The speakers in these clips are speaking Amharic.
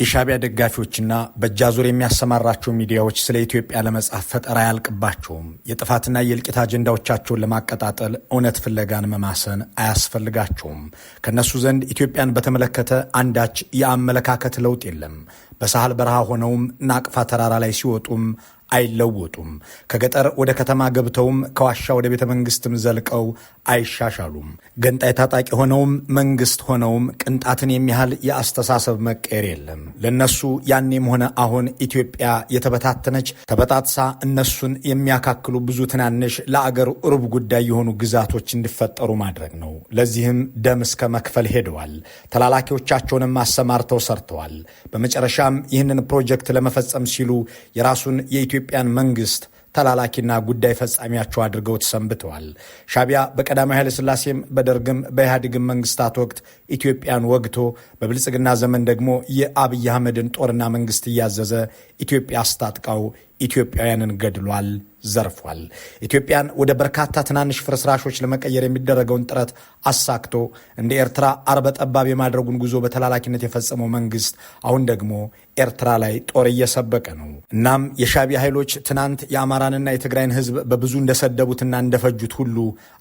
የሻቢያ ደጋፊዎችና ዙር የሚያሰማራቸው ሚዲያዎች ስለ ኢትዮጵያ ለመጻፍ ፈጠራ አያልቅባቸውም። የጥፋትና የእልቂት አጀንዳዎቻቸውን ለማቀጣጠል እውነት ፍለጋን መማሰን አያስፈልጋቸውም። ከእነሱ ዘንድ ኢትዮጵያን በተመለከተ አንዳች የአመለካከት ለውጥ የለም። በሳህል በረሃ ሆነውም ናቅፋ ተራራ ላይ ሲወጡም አይለወጡም። ከገጠር ወደ ከተማ ገብተውም ከዋሻ ወደ ቤተ መንግስትም ዘልቀው አይሻሻሉም። ገንጣይ ታጣቂ ሆነውም መንግስት ሆነውም ቅንጣትን የሚያህል የአስተሳሰብ መቀየር የለም። ለእነሱ ያኔም ሆነ አሁን ኢትዮጵያ የተበታተነች ተበጣትሳ እነሱን የሚያካክሉ ብዙ ትናንሽ ለአገር ሩብ ጉዳይ የሆኑ ግዛቶች እንዲፈጠሩ ማድረግ ነው። ለዚህም ደም እስከ መክፈል ሄደዋል። ተላላኪዎቻቸውንም አሰማርተው ሰርተዋል። በመጨረሻም ይህንን ፕሮጀክት ለመፈጸም ሲሉ የራሱን የኢትዮ የኢትዮጵያን መንግስት ተላላኪና ጉዳይ ፈጻሚያቸው አድርገው ተሰንብተዋል። ሻቢያ በቀዳማዊ ኃይለሥላሴም በደርግም በኢህአዴግም መንግስታት ወቅት ኢትዮጵያን ወግቶ በብልጽግና ዘመን ደግሞ የአብይ አህመድን ጦርና መንግስት እያዘዘ ኢትዮጵያ አስታጥቃው ኢትዮጵያውያንን ገድሏል፣ ዘርፏል። ኢትዮጵያን ወደ በርካታ ትናንሽ ፍርስራሾች ለመቀየር የሚደረገውን ጥረት አሳክቶ እንደ ኤርትራ አርበ ጠባብ የማድረጉን ጉዞ በተላላኪነት የፈጸመው መንግስት አሁን ደግሞ ኤርትራ ላይ ጦር እየሰበቀ ነው። እናም የሻዕቢያ ኃይሎች ትናንት የአማራንና የትግራይን ህዝብ በብዙ እንደሰደቡትና እንደፈጁት ሁሉ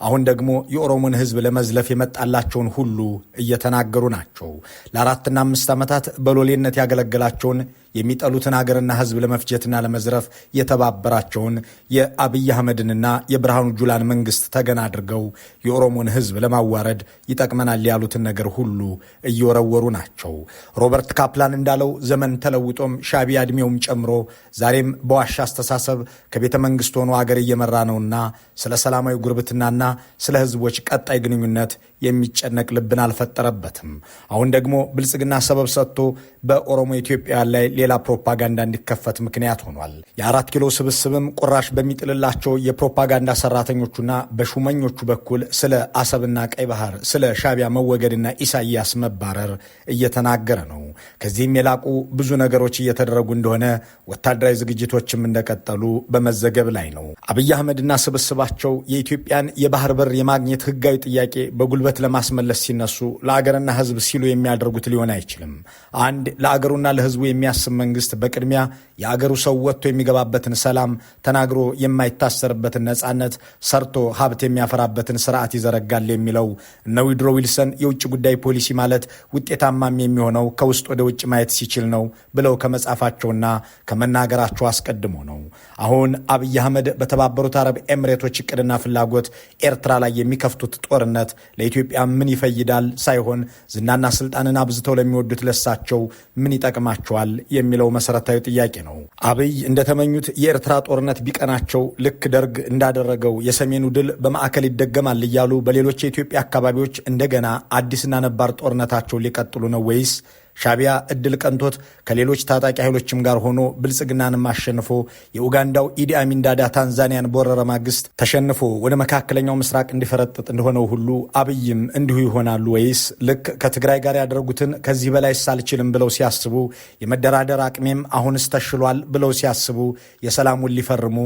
አሁን ደግሞ የኦሮሞን ህዝብ ለመዝለፍ የመጣላቸውን ሁሉ እየተናገሩ ናቸው። ለአራትና አምስት ዓመታት በሎሌነት ያገለገላቸውን የሚጠሉትን ሀገርና ህዝብ ለመፍጀትና ለመዝረፍ የተባበራቸውን የአብይ አህመድንና የብርሃኑ ጁላን መንግስት ተገን አድርገው የኦሮሞን ህዝብ ለማዋረድ ይጠቅመናል ያሉትን ነገር ሁሉ እየወረወሩ ናቸው። ሮበርት ካፕላን እንዳለው ዘመን ተለውጦም ሻቢያ እድሜውም ጨምሮ ዛሬም በዋሻ አስተሳሰብ ከቤተ መንግስት ሆኖ አገር እየመራ ነውና ስለ ሰላማዊ ጉርብትናና ስለ ህዝቦች ቀጣይ ግንኙነት የሚጨነቅ ልብን አልፈጠረበትም። አሁን ደግሞ ብልጽግና ሰበብ ሰጥቶ በኦሮሞ ኢትዮጵያውያን ላይ ሌላ ፕሮፓጋንዳ እንዲከፈት ምክንያት ሆኗል። የአራት ኪሎ ስብስብም ቁራሽ በሚጥልላቸው የፕሮፓጋንዳ ሰራተኞቹና በሹመኞቹ በኩል ስለ አሰብና ቀይ ባህር፣ ስለ ሻቢያ መወገድና ኢሳይያስ መባረር እየተናገረ ነው። ከዚህም የላቁ ብዙ ነገሮች እየተደረጉ እንደሆነ ወታደራዊ ዝግጅቶችም እንደቀጠሉ በመዘገብ ላይ ነው። አብይ አህመድና ስብስባቸው የኢትዮጵያን የባህር በር የማግኘት ህጋዊ ጥያቄ በጉልበት ለማስመለስ ሲነሱ ለአገርና ህዝብ ሲሉ የሚያደርጉት ሊሆን አይችልም። አንድ ለአገሩና ለህዝቡ የሚያስብ መንግስት በቅድሚያ የአገሩ ሰው ወጥቶ የሚገባበትን ሰላም፣ ተናግሮ የማይታሰርበትን ነጻነት፣ ሰርቶ ሀብት የሚያፈራበትን ስርዓት ይዘረጋል የሚለው እነ ዊድሮ ዊልሰን የውጭ ጉዳይ ፖሊሲ ማለት ውጤታማም የሚሆነው ከውስጥ ወደ ውጭ ማየት ሲችል ነው ብለው ከመጻፋቸውና ከመናገራቸው አስቀድሞ ነው። አሁን አብይ አህመድ በተባበሩት አረብ ኤምሬቶች እቅድና ፍላጎት ኤርትራ ላይ የሚከፍቱት ጦርነት ለኢትዮጵያ ምን ይፈይዳል ሳይሆን ዝናና ስልጣንን አብዝተው ለሚወዱት ለሳቸው ምን ይጠቅማቸዋል የሚለው መሰረታዊ ጥያቄ ነው። አብይ እንደተመኙት የኤርትራ ጦርነት ቢቀናቸው ልክ ደርግ እንዳደረገው የሰሜኑ ድል በማዕከል ይደገማል እያሉ በሌሎች የኢትዮጵያ አካባቢዎች እንደገና አዲስና ነባር ጦርነታቸው ሊቀጥሉ ነው ወይስ ሻቢያ እድል ቀንቶት ከሌሎች ታጣቂ ኃይሎችም ጋር ሆኖ ብልጽግናንም አሸንፎ የኡጋንዳው ኢዲ አሚን ዳዳ ታንዛኒያን በወረረ ማግስት ተሸንፎ ወደ መካከለኛው ምስራቅ እንዲፈረጥጥ እንደሆነው ሁሉ አብይም እንዲሁ ይሆናሉ ወይስ ልክ ከትግራይ ጋር ያደረጉትን ከዚህ በላይስ አልችልም ብለው ሲያስቡ የመደራደር አቅሜም አሁንስ ተሽሏል ብለው ሲያስቡ የሰላሙን ሊፈርሙ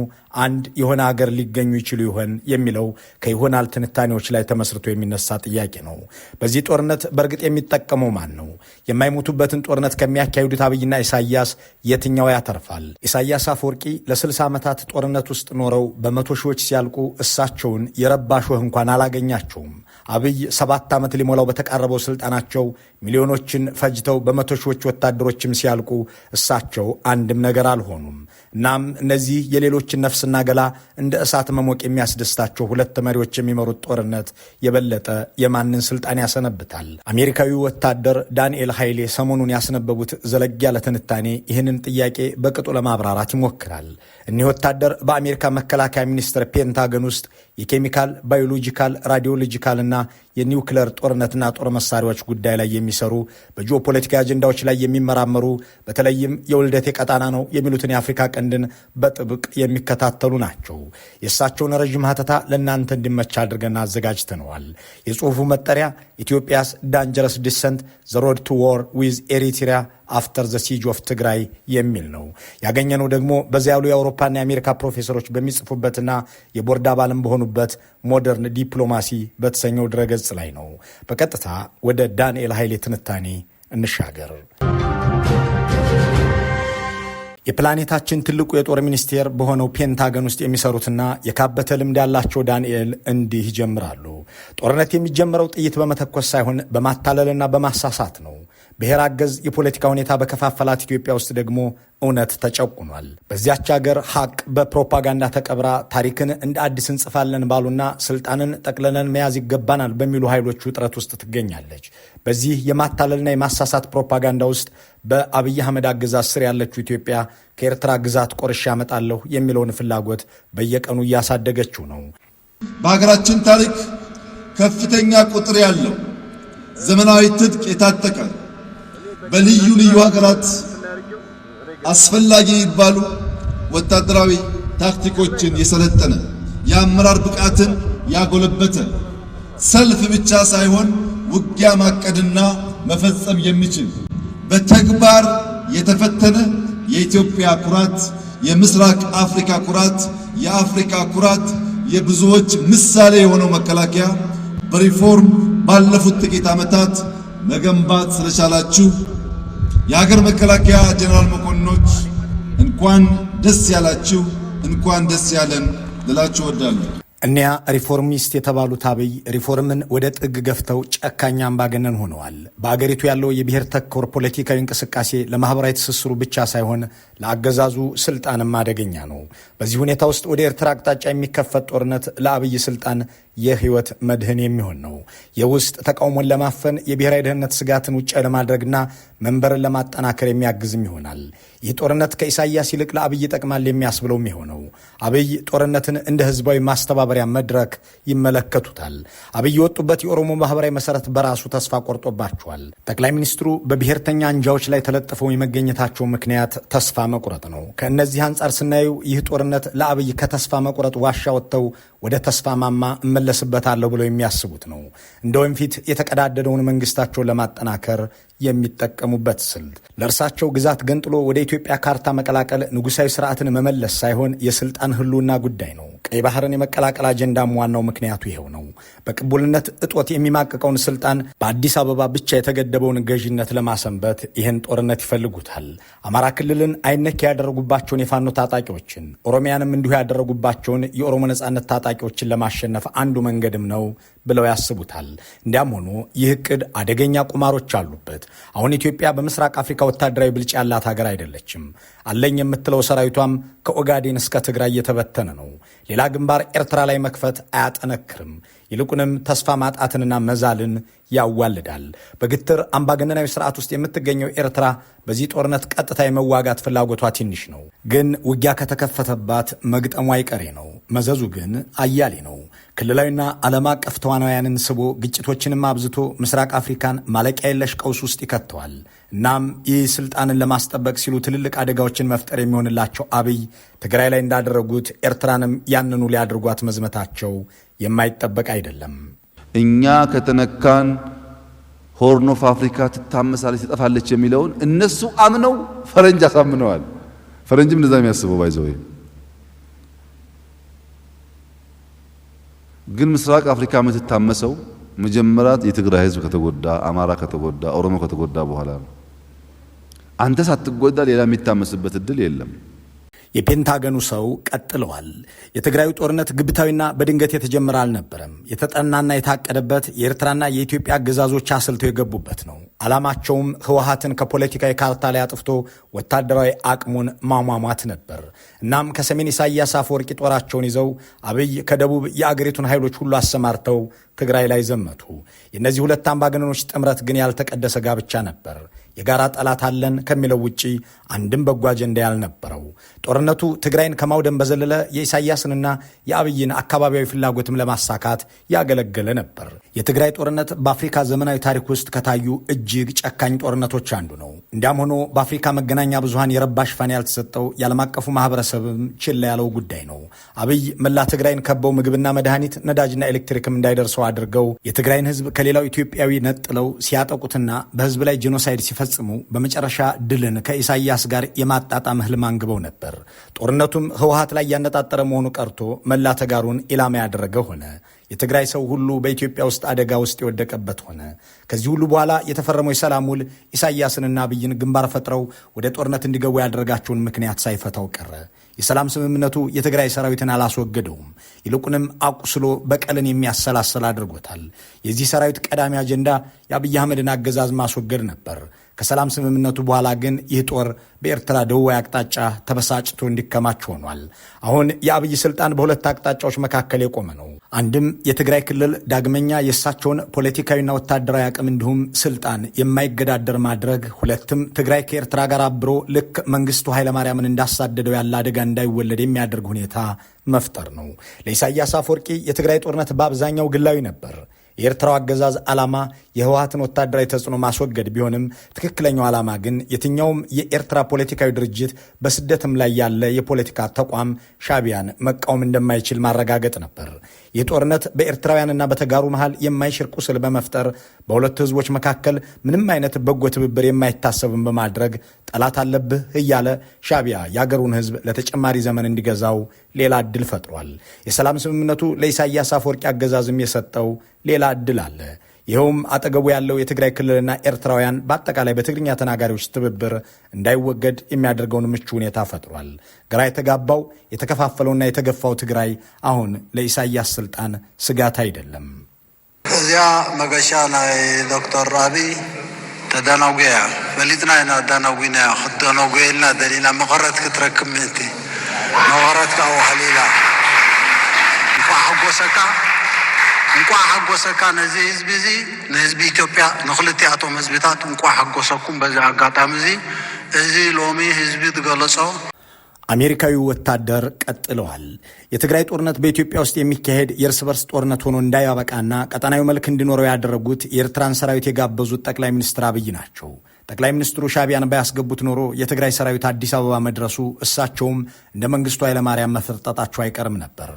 አንድ የሆነ አገር ሊገኙ ይችሉ ይሆን የሚለው ከይሆናል ትንታኔዎች ላይ ተመስርቶ የሚነሳ ጥያቄ ነው። በዚህ ጦርነት በእርግጥ የሚጠቀመው ማን ነው? የማይሞ የሚሞቱበትን ጦርነት ከሚያካሂዱት አብይና ኢሳያስ የትኛው ያተርፋል? ኢሳያስ አፈወርቂ ለ60 ዓመታት ጦርነት ውስጥ ኖረው በመቶ ሺዎች ሲያልቁ እሳቸውን የረባ ሾህ እንኳን አላገኛቸውም። አብይ ሰባት ዓመት ሊሞላው በተቃረበው ስልጣናቸው ሚሊዮኖችን ፈጅተው በመቶ ሺዎች ወታደሮችም ሲያልቁ እሳቸው አንድም ነገር አልሆኑም። እናም እነዚህ የሌሎችን ነፍስና ገላ እንደ እሳት መሞቅ የሚያስደስታቸው ሁለት መሪዎች የሚመሩት ጦርነት የበለጠ የማንን ስልጣን ያሰነብታል? አሜሪካዊው ወታደር ዳንኤል ኃይሌ ሰሞኑን ያስነበቡት ዘለግ ያለ ትንታኔ ይህንን ጥያቄ በቅጡ ለማብራራት ይሞክራል። እኒህ ወታደር በአሜሪካ መከላከያ ሚኒስቴር ፔንታገን ውስጥ የኬሚካል ባዮሎጂካል፣ ራዲዮሎጂካልና የኒውክለር ጦርነትና ጦር መሳሪያዎች ጉዳይ ላይ የሚ የሚሰሩ በጂኦፖለቲካ አጀንዳዎች ላይ የሚመራመሩ በተለይም የውልደቴ ቀጣና ነው የሚሉትን የአፍሪካ ቀንድን በጥብቅ የሚከታተሉ ናቸው። የእሳቸውን ረዥም ሀተታ ለእናንተ እንዲመቻ አድርገን አዘጋጅተነዋል። የጽሑፉ መጠሪያ ኢትዮጵያስ ዳንጀረስ ዲሰንት ዘ ሮድ ቱ ዎር ዊዝ ኤሪትሪያ አፍተር ዘ ሲጅ ኦፍ ትግራይ የሚል ነው። ያገኘነው ደግሞ በዚያ ያሉ የአውሮፓና የአሜሪካ ፕሮፌሰሮች በሚጽፉበትና የቦርድ አባልም በሆኑበት ሞደርን ዲፕሎማሲ በተሰኘው ድረገጽ ላይ ነው። በቀጥታ ወደ ዳንኤል ኃይሌ ትንታኔ እንሻገር። የፕላኔታችን ትልቁ የጦር ሚኒስቴር በሆነው ፔንታገን ውስጥ የሚሰሩትና የካበተ ልምድ ያላቸው ዳንኤል እንዲህ ይጀምራሉ። ጦርነት የሚጀምረው ጥይት በመተኮስ ሳይሆን በማታለልና በማሳሳት ነው። ብሔር አገዝ የፖለቲካ ሁኔታ በከፋፈላት ኢትዮጵያ ውስጥ ደግሞ እውነት ተጨቁኗል። በዚያች ሀገር ሀቅ በፕሮፓጋንዳ ተቀብራ ታሪክን እንደ አዲስ እንጽፋለን ባሉና ስልጣንን ጠቅልለን መያዝ ይገባናል በሚሉ ኃይሎች ውጥረት ውስጥ ትገኛለች። በዚህ የማታለልና የማሳሳት ፕሮፓጋንዳ ውስጥ በአብይ አህመድ አገዛዝ ስር ያለችው ኢትዮጵያ ከኤርትራ ግዛት ቆርሼ አመጣለሁ የሚለውን ፍላጎት በየቀኑ እያሳደገችው ነው። በሀገራችን ታሪክ ከፍተኛ ቁጥር ያለው ዘመናዊ ትጥቅ የታጠቀ በልዩ ልዩ ሀገራት አስፈላጊ የሚባሉ ወታደራዊ ታክቲኮችን የሰለጠነ የአመራር ብቃትን ያጎለበተ ሰልፍ ብቻ ሳይሆን ውጊያ ማቀድና መፈጸም የሚችል በተግባር የተፈተነ የኢትዮጵያ ኩራት፣ የምስራቅ አፍሪካ ኩራት፣ የአፍሪካ ኩራት፣ የብዙዎች ምሳሌ የሆነው መከላከያ በሪፎርም ባለፉት ጥቂት ዓመታት መገንባት ስለቻላችሁ የሀገር መከላከያ ጀነራል መኮንኖች እንኳን ደስ ያላችሁ፣ እንኳን ደስ ያለን ልላችሁ እወዳለሁ። እኒያ ሪፎርሚስት የተባሉት አብይ ሪፎርምን ወደ ጥግ ገፍተው ጨካኝ አምባገነን ሆነዋል። በአገሪቱ ያለው የብሔር ተኮር ፖለቲካዊ እንቅስቃሴ ለማህበራዊ ትስስሩ ብቻ ሳይሆን ለአገዛዙ ስልጣንም አደገኛ ነው። በዚህ ሁኔታ ውስጥ ወደ ኤርትራ አቅጣጫ የሚከፈት ጦርነት ለአብይ ስልጣን የህይወት መድህን የሚሆን ነው። የውስጥ ተቃውሞን ለማፈን የብሔራዊ ደህንነት ስጋትን ውጭ ለማድረግና መንበርን ለማጠናከር የሚያግዝም ይሆናል። ይህ ጦርነት ከኢሳያስ ይልቅ ለአብይ ይጠቅማል የሚያስብለውም የሆነው አብይ ጦርነትን እንደ ህዝባዊ ማስተባበሪያ መድረክ ይመለከቱታል። አብይ የወጡበት የኦሮሞ ማህበራዊ መሰረት በራሱ ተስፋ ቆርጦባቸዋል። ጠቅላይ ሚኒስትሩ በብሔርተኛ አንጃዎች ላይ ተለጥፈው የመገኘታቸው ምክንያት ተስፋ መቁረጥ ነው። ከእነዚህ አንጻር ስናየው ይህ ጦርነት ለአብይ ከተስፋ መቁረጥ ዋሻ ወጥተው ወደ ተስፋ ማማ እመለስበታለሁ ብለው የሚያስቡት ነው። እንደ ወንፊት የተቀዳደደውን መንግስታቸውን ለማጠናከር የሚጠቀሙበት ስልት ለእርሳቸው ግዛት ገንጥሎ ወደ ኢትዮጵያ ካርታ መቀላቀል ንጉሳዊ ስርዓትን መመለስ ሳይሆን የስልጣን ህልውና ጉዳይ ነው። ቀይ ባህርን የመቀላቀል አጀንዳም ዋናው ምክንያቱ ይኸው ነው። በቅቡልነት እጦት የሚማቅቀውን ስልጣን በአዲስ አበባ ብቻ የተገደበውን ገዥነት ለማሰንበት ይህን ጦርነት ይፈልጉታል። አማራ ክልልን አይነክ ያደረጉባቸውን የፋኖ ታጣቂዎችን፣ ኦሮሚያንም እንዲሁ ያደረጉባቸውን የኦሮሞ ነጻነት ታጣቂዎችን ለማሸነፍ አንዱ መንገድም ነው ብለው ያስቡታል። እንዲያም ሆኖ ይህ እቅድ አደገኛ ቁማሮች አሉበት። አሁን ኢትዮጵያ በምስራቅ አፍሪካ ወታደራዊ ብልጫ ያላት ሀገር አይደለችም። አለኝ የምትለው ሰራዊቷም ከኦጋዴን እስከ ትግራይ እየተበተነ ነው። ሌላ ግንባር ኤርትራ ላይ መክፈት አያጠነክርም። ይልቁንም ተስፋ ማጣትንና መዛልን ያዋልዳል። በግትር አምባገነናዊ ስርዓት ውስጥ የምትገኘው ኤርትራ በዚህ ጦርነት ቀጥታ የመዋጋት ፍላጎቷ ትንሽ ነው፣ ግን ውጊያ ከተከፈተባት መግጠሙ አይቀሬ ነው። መዘዙ ግን አያሌ ነው። ክልላዊና ዓለም አቀፍ ተዋናውያንን ስቦ ግጭቶችንም አብዝቶ ምስራቅ አፍሪካን ማለቂያ የለሽ ቀውስ ውስጥ ይከተዋል። እናም ይህ ስልጣንን ለማስጠበቅ ሲሉ ትልልቅ አደጋዎችን መፍጠር የሚሆንላቸው አብይ ትግራይ ላይ እንዳደረጉት ኤርትራንም ያንኑ ሊያድርጓት መዝመታቸው የማይጠበቅ አይደለም። እኛ ከተነካን ሆርን ኦፍ አፍሪካ ትታመሳለች፣ ትጠፋለች የሚለውን እነሱ አምነው ፈረንጅ አሳምነዋል። ፈረንጅም እንደዛ የሚያስበው ባይዘው ግን ምስራቅ አፍሪካ የምትታመሰው መጀመሪያ የትግራይ ህዝብ ከተጎዳ አማራ ከተጎዳ ኦሮሞ ከተጎዳ በኋላ ነው። አንተ ሳትጎዳ ሌላ የሚታመስበት እድል የለም። የፔንታገኑ ሰው ቀጥለዋል። የትግራዩ ጦርነት ግብታዊና በድንገት የተጀመረ አልነበረም። የተጠናና የታቀደበት የኤርትራና የኢትዮጵያ ግዛዞች አስልተው የገቡበት ነው። ዓላማቸውም ህወሀትን ከፖለቲካዊ ካርታ ላይ አጥፍቶ ወታደራዊ አቅሙን ማሟሟት ነበር። እናም ከሰሜን ኢሳያስ አፈወርቂ ጦራቸውን ይዘው አብይ ከደቡብ የአገሪቱን ኃይሎች ሁሉ አሰማርተው ትግራይ ላይ ዘመቱ። የእነዚህ ሁለት አምባገነኖች ጥምረት ግን ያልተቀደሰ ጋብቻ ነበር። የጋራ ጠላት አለን ከሚለው ውጪ አንድም በጎ አጀንዳ ያልነበረው ጦርነቱ ትግራይን ከማውደም በዘለለ የኢሳያስንና የአብይን አካባቢያዊ ፍላጎትም ለማሳካት ያገለገለ ነበር። የትግራይ ጦርነት በአፍሪካ ዘመናዊ ታሪክ ውስጥ ከታዩ እጅግ ጨካኝ ጦርነቶች አንዱ ነው። እንዲያም ሆኖ በአፍሪካ መገናኛ ብዙሃን የረባ ሽፋን ያልተሰጠው የዓለም አቀፉ ማህበረሰብም ችላ ያለው ጉዳይ ነው። አብይ መላ ትግራይን ከበው ምግብና መድኃኒት ነዳጅና ኤሌክትሪክም እንዳይደርሰው አድርገው የትግራይን ህዝብ ከሌላው ኢትዮጵያዊ ነጥለው ሲያጠቁትና በህዝብ ላይ ጄኖሳይድ ሲፈ ሲፈጽሙ በመጨረሻ ድልን ከኢሳይያስ ጋር የማጣጣም ህልም አንግበው ነበር። ጦርነቱም ህወሀት ላይ ያነጣጠረ መሆኑ ቀርቶ መላ ተጋሩን ኢላማ ያደረገ ሆነ። የትግራይ ሰው ሁሉ በኢትዮጵያ ውስጥ አደጋ ውስጥ የወደቀበት ሆነ። ከዚህ ሁሉ በኋላ የተፈረመው የሰላም ውል ኢሳይያስንና አብይን ግንባር ፈጥረው ወደ ጦርነት እንዲገቡ ያደረጋቸውን ምክንያት ሳይፈታው ቀረ። የሰላም ስምምነቱ የትግራይ ሰራዊትን አላስወገደውም። ይልቁንም አቁስሎ በቀልን የሚያሰላስል አድርጎታል። የዚህ ሰራዊት ቀዳሚ አጀንዳ የአብይ አህመድን አገዛዝ ማስወገድ ነበር። ከሰላም ስምምነቱ በኋላ ግን ይህ ጦር በኤርትራ ደቡባዊ አቅጣጫ ተበሳጭቶ እንዲከማች ሆኗል። አሁን የአብይ ስልጣን በሁለት አቅጣጫዎች መካከል የቆመ ነው። አንድም የትግራይ ክልል ዳግመኛ የእሳቸውን ፖለቲካዊና ወታደራዊ አቅም እንዲሁም ስልጣን የማይገዳደር ማድረግ፣ ሁለትም ትግራይ ከኤርትራ ጋር አብሮ ልክ መንግስቱ ኃይለማርያምን እንዳሳደደው ያለ አደጋ እንዳይወለድ የሚያደርግ ሁኔታ መፍጠር ነው። ለኢሳያስ አፈወርቂ የትግራይ ጦርነት በአብዛኛው ግላዊ ነበር። የኤርትራው አገዛዝ ዓላማ የህወሀትን ወታደራዊ ተጽዕኖ ማስወገድ ቢሆንም ትክክለኛው ዓላማ ግን የትኛውም የኤርትራ ፖለቲካዊ ድርጅት በስደትም ላይ ያለ የፖለቲካ ተቋም ሻቢያን መቃወም እንደማይችል ማረጋገጥ ነበር። ይህ ጦርነት በኤርትራውያንና በተጋሩ መሃል የማይሽር ቁስል በመፍጠር በሁለቱ ህዝቦች መካከል ምንም አይነት በጎ ትብብር የማይታሰብን በማድረግ ጠላት አለብህ እያለ ሻቢያ የአገሩን ህዝብ ለተጨማሪ ዘመን እንዲገዛው ሌላ ዕድል ፈጥሯል። የሰላም ስምምነቱ ለኢሳያስ አፈወርቂ አገዛዝም የሰጠው ሌላ ዕድል አለ። ይኸውም አጠገቡ ያለው የትግራይ ክልልና ኤርትራውያን በአጠቃላይ በትግርኛ ተናጋሪዎች ትብብር እንዳይወገድ የሚያደርገውን ምቹ ሁኔታ ፈጥሯል። ግራ የተጋባው የተከፋፈለውና የተገፋው ትግራይ አሁን ለኢሳያስ ስልጣን ስጋት አይደለም። እዚያ መገሻ ናይ ዶክተር አብይ ተዳናጉያ ፈሊጥና ኢና ዳናጉና ክተናጉየልና ደሊና መቀረት ክትረክብ ምእንቲ ነዋረትካ ወኸሊላ እንኳ ሓጎሰካ እንኳ ሓጎሰካ ነዚ ህዝቢ እዚ ንህዝቢ ኢትዮጵያ ንክልቲኣቶም ህዝብታት እንኳ ሓጎሰኩም በዚ አጋጣሚ እዚ እዚ ሎሚ ህዝቢ ትገለጾ አሜሪካዊ ወታደር ቀጥለዋል። የትግራይ ጦርነት በኢትዮጵያ ውስጥ የሚካሄድ የእርስ በርስ ጦርነት ሆኖ እንዳያበቃና ቀጠናዊ መልክ እንዲኖረው ያደረጉት የኤርትራን ሰራዊት የጋበዙት ጠቅላይ ሚኒስትር አብይ ናቸው። ጠቅላይ ሚኒስትሩ ሻቢያን ባያስገቡት ኖሮ የትግራይ ሰራዊት አዲስ አበባ መድረሱ እሳቸውም እንደ መንግስቱ ኃይለማርያም መፈርጠጣቸው አይቀርም ነበር።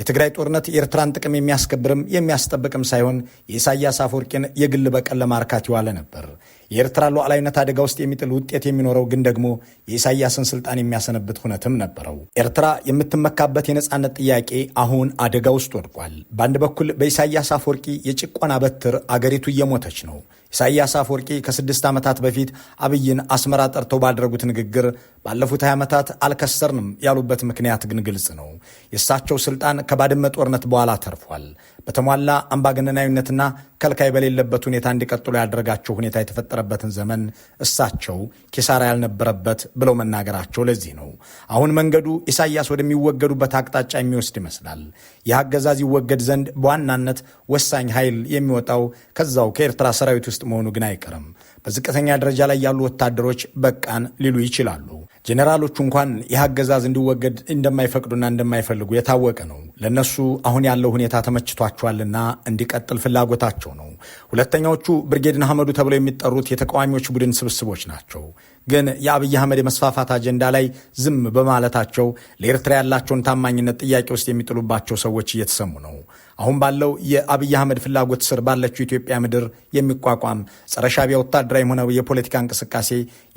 የትግራይ ጦርነት የኤርትራን ጥቅም የሚያስከብርም የሚያስጠብቅም ሳይሆን የኢሳያስ አፈወርቂን የግል በቀል ለማርካት የዋለ ነበር። የኤርትራ ሉዓላዊነት አደጋ ውስጥ የሚጥል ውጤት የሚኖረው ግን ደግሞ የኢሳያስን ስልጣን የሚያሰነብት ሁነትም ነበረው። ኤርትራ የምትመካበት የነፃነት ጥያቄ አሁን አደጋ ውስጥ ወድቋል። በአንድ በኩል በኢሳያስ አፈወርቂ የጭቆና በትር አገሪቱ እየሞተች ነው። ኢሳያስ አፈወርቂ ከስድስት ዓመታት በፊት አብይን አስመራ ጠርተው ባደረጉት ንግግር ባለፉት 20 ዓመታት አልከሰርንም ያሉበት ምክንያት ግን ግልጽ ነው። የእሳቸው ስልጣን ከባድመ ጦርነት በኋላ ተርፏል። በተሟላ አምባገነናዊነትና ከልካይ በሌለበት ሁኔታ እንዲቀጥሉ ያደረጋቸው ሁኔታ የተፈጠረበትን ዘመን እሳቸው ኪሳራ ያልነበረበት ብለው መናገራቸው ለዚህ ነው። አሁን መንገዱ ኢሳያስ ወደሚወገዱበት አቅጣጫ የሚወስድ ይመስላል። ይህ አገዛዝ ይወገድ ዘንድ በዋናነት ወሳኝ ኃይል የሚወጣው ከዛው ከኤርትራ ሰራዊት ውስጥ መሆኑ ግን አይቀርም። በዝቅተኛ ደረጃ ላይ ያሉ ወታደሮች በቃን ሊሉ ይችላሉ። ጄኔራሎቹ እንኳን ይህ አገዛዝ እንዲወገድ እንደማይፈቅዱና እንደማይፈልጉ የታወቀ ነው። ለእነሱ አሁን ያለው ሁኔታ ተመችቷቸዋልና እንዲቀጥል ፍላጎታቸው ነው። ሁለተኛዎቹ ብርጌድን አህመዱ ተብለው የሚጠሩት የተቃዋሚዎች ቡድን ስብስቦች ናቸው። ግን የአብይ አህመድ የመስፋፋት አጀንዳ ላይ ዝም በማለታቸው ለኤርትራ ያላቸውን ታማኝነት ጥያቄ ውስጥ የሚጥሉባቸው ሰዎች እየተሰሙ ነው። አሁን ባለው የአብይ አህመድ ፍላጎት ስር ባለችው ኢትዮጵያ ምድር የሚቋቋም ጸረ ሻቢያ ወታደራዊ ሆነ የፖለቲካ እንቅስቃሴ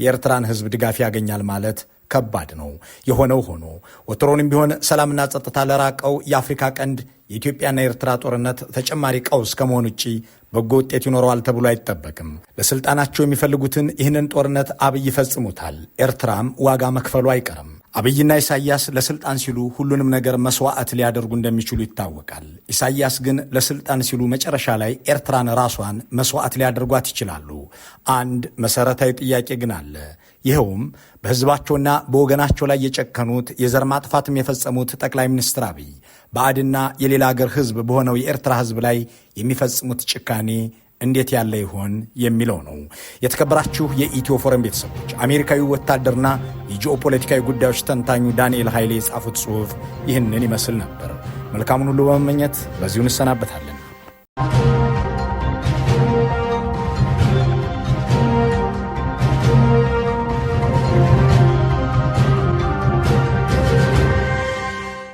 የኤርትራን ህዝብ ድጋፍ ያገኛል ማለት ከባድ ነው። የሆነው ሆኖ ወትሮንም ቢሆን ሰላምና ጸጥታ ለራቀው የአፍሪካ ቀንድ የኢትዮጵያና የኤርትራ ጦርነት ተጨማሪ ቀውስ ከመሆን ውጭ በጎ ውጤት ይኖረዋል ተብሎ አይጠበቅም። ለስልጣናቸው የሚፈልጉትን ይህንን ጦርነት አብይ ይፈጽሙታል። ኤርትራም ዋጋ መክፈሉ አይቀርም። አብይና ኢሳያስ ለስልጣን ሲሉ ሁሉንም ነገር መስዋዕት ሊያደርጉ እንደሚችሉ ይታወቃል። ኢሳያስ ግን ለስልጣን ሲሉ መጨረሻ ላይ ኤርትራን ራሷን መስዋዕት ሊያደርጓት ይችላሉ። አንድ መሰረታዊ ጥያቄ ግን አለ። ይኸውም በሕዝባቸውና በወገናቸው ላይ የጨከኑት የዘር ማጥፋትም የፈጸሙት ጠቅላይ ሚኒስትር አብይ ባዕድና የሌላ አገር ሕዝብ በሆነው የኤርትራ ሕዝብ ላይ የሚፈጽሙት ጭካኔ እንዴት ያለ ይሆን የሚለው ነው። የተከበራችሁ የኢትዮ ፎረም ቤተሰቦች አሜሪካዊ ወታደርና የጂኦፖለቲካዊ ጉዳዮች ተንታኙ ዳንኤል ኃይሌ የጻፉት ጽሑፍ ይህንን ይመስል ነበር። መልካሙን ሁሉ በመመኘት በዚሁ እንሰናበታለን።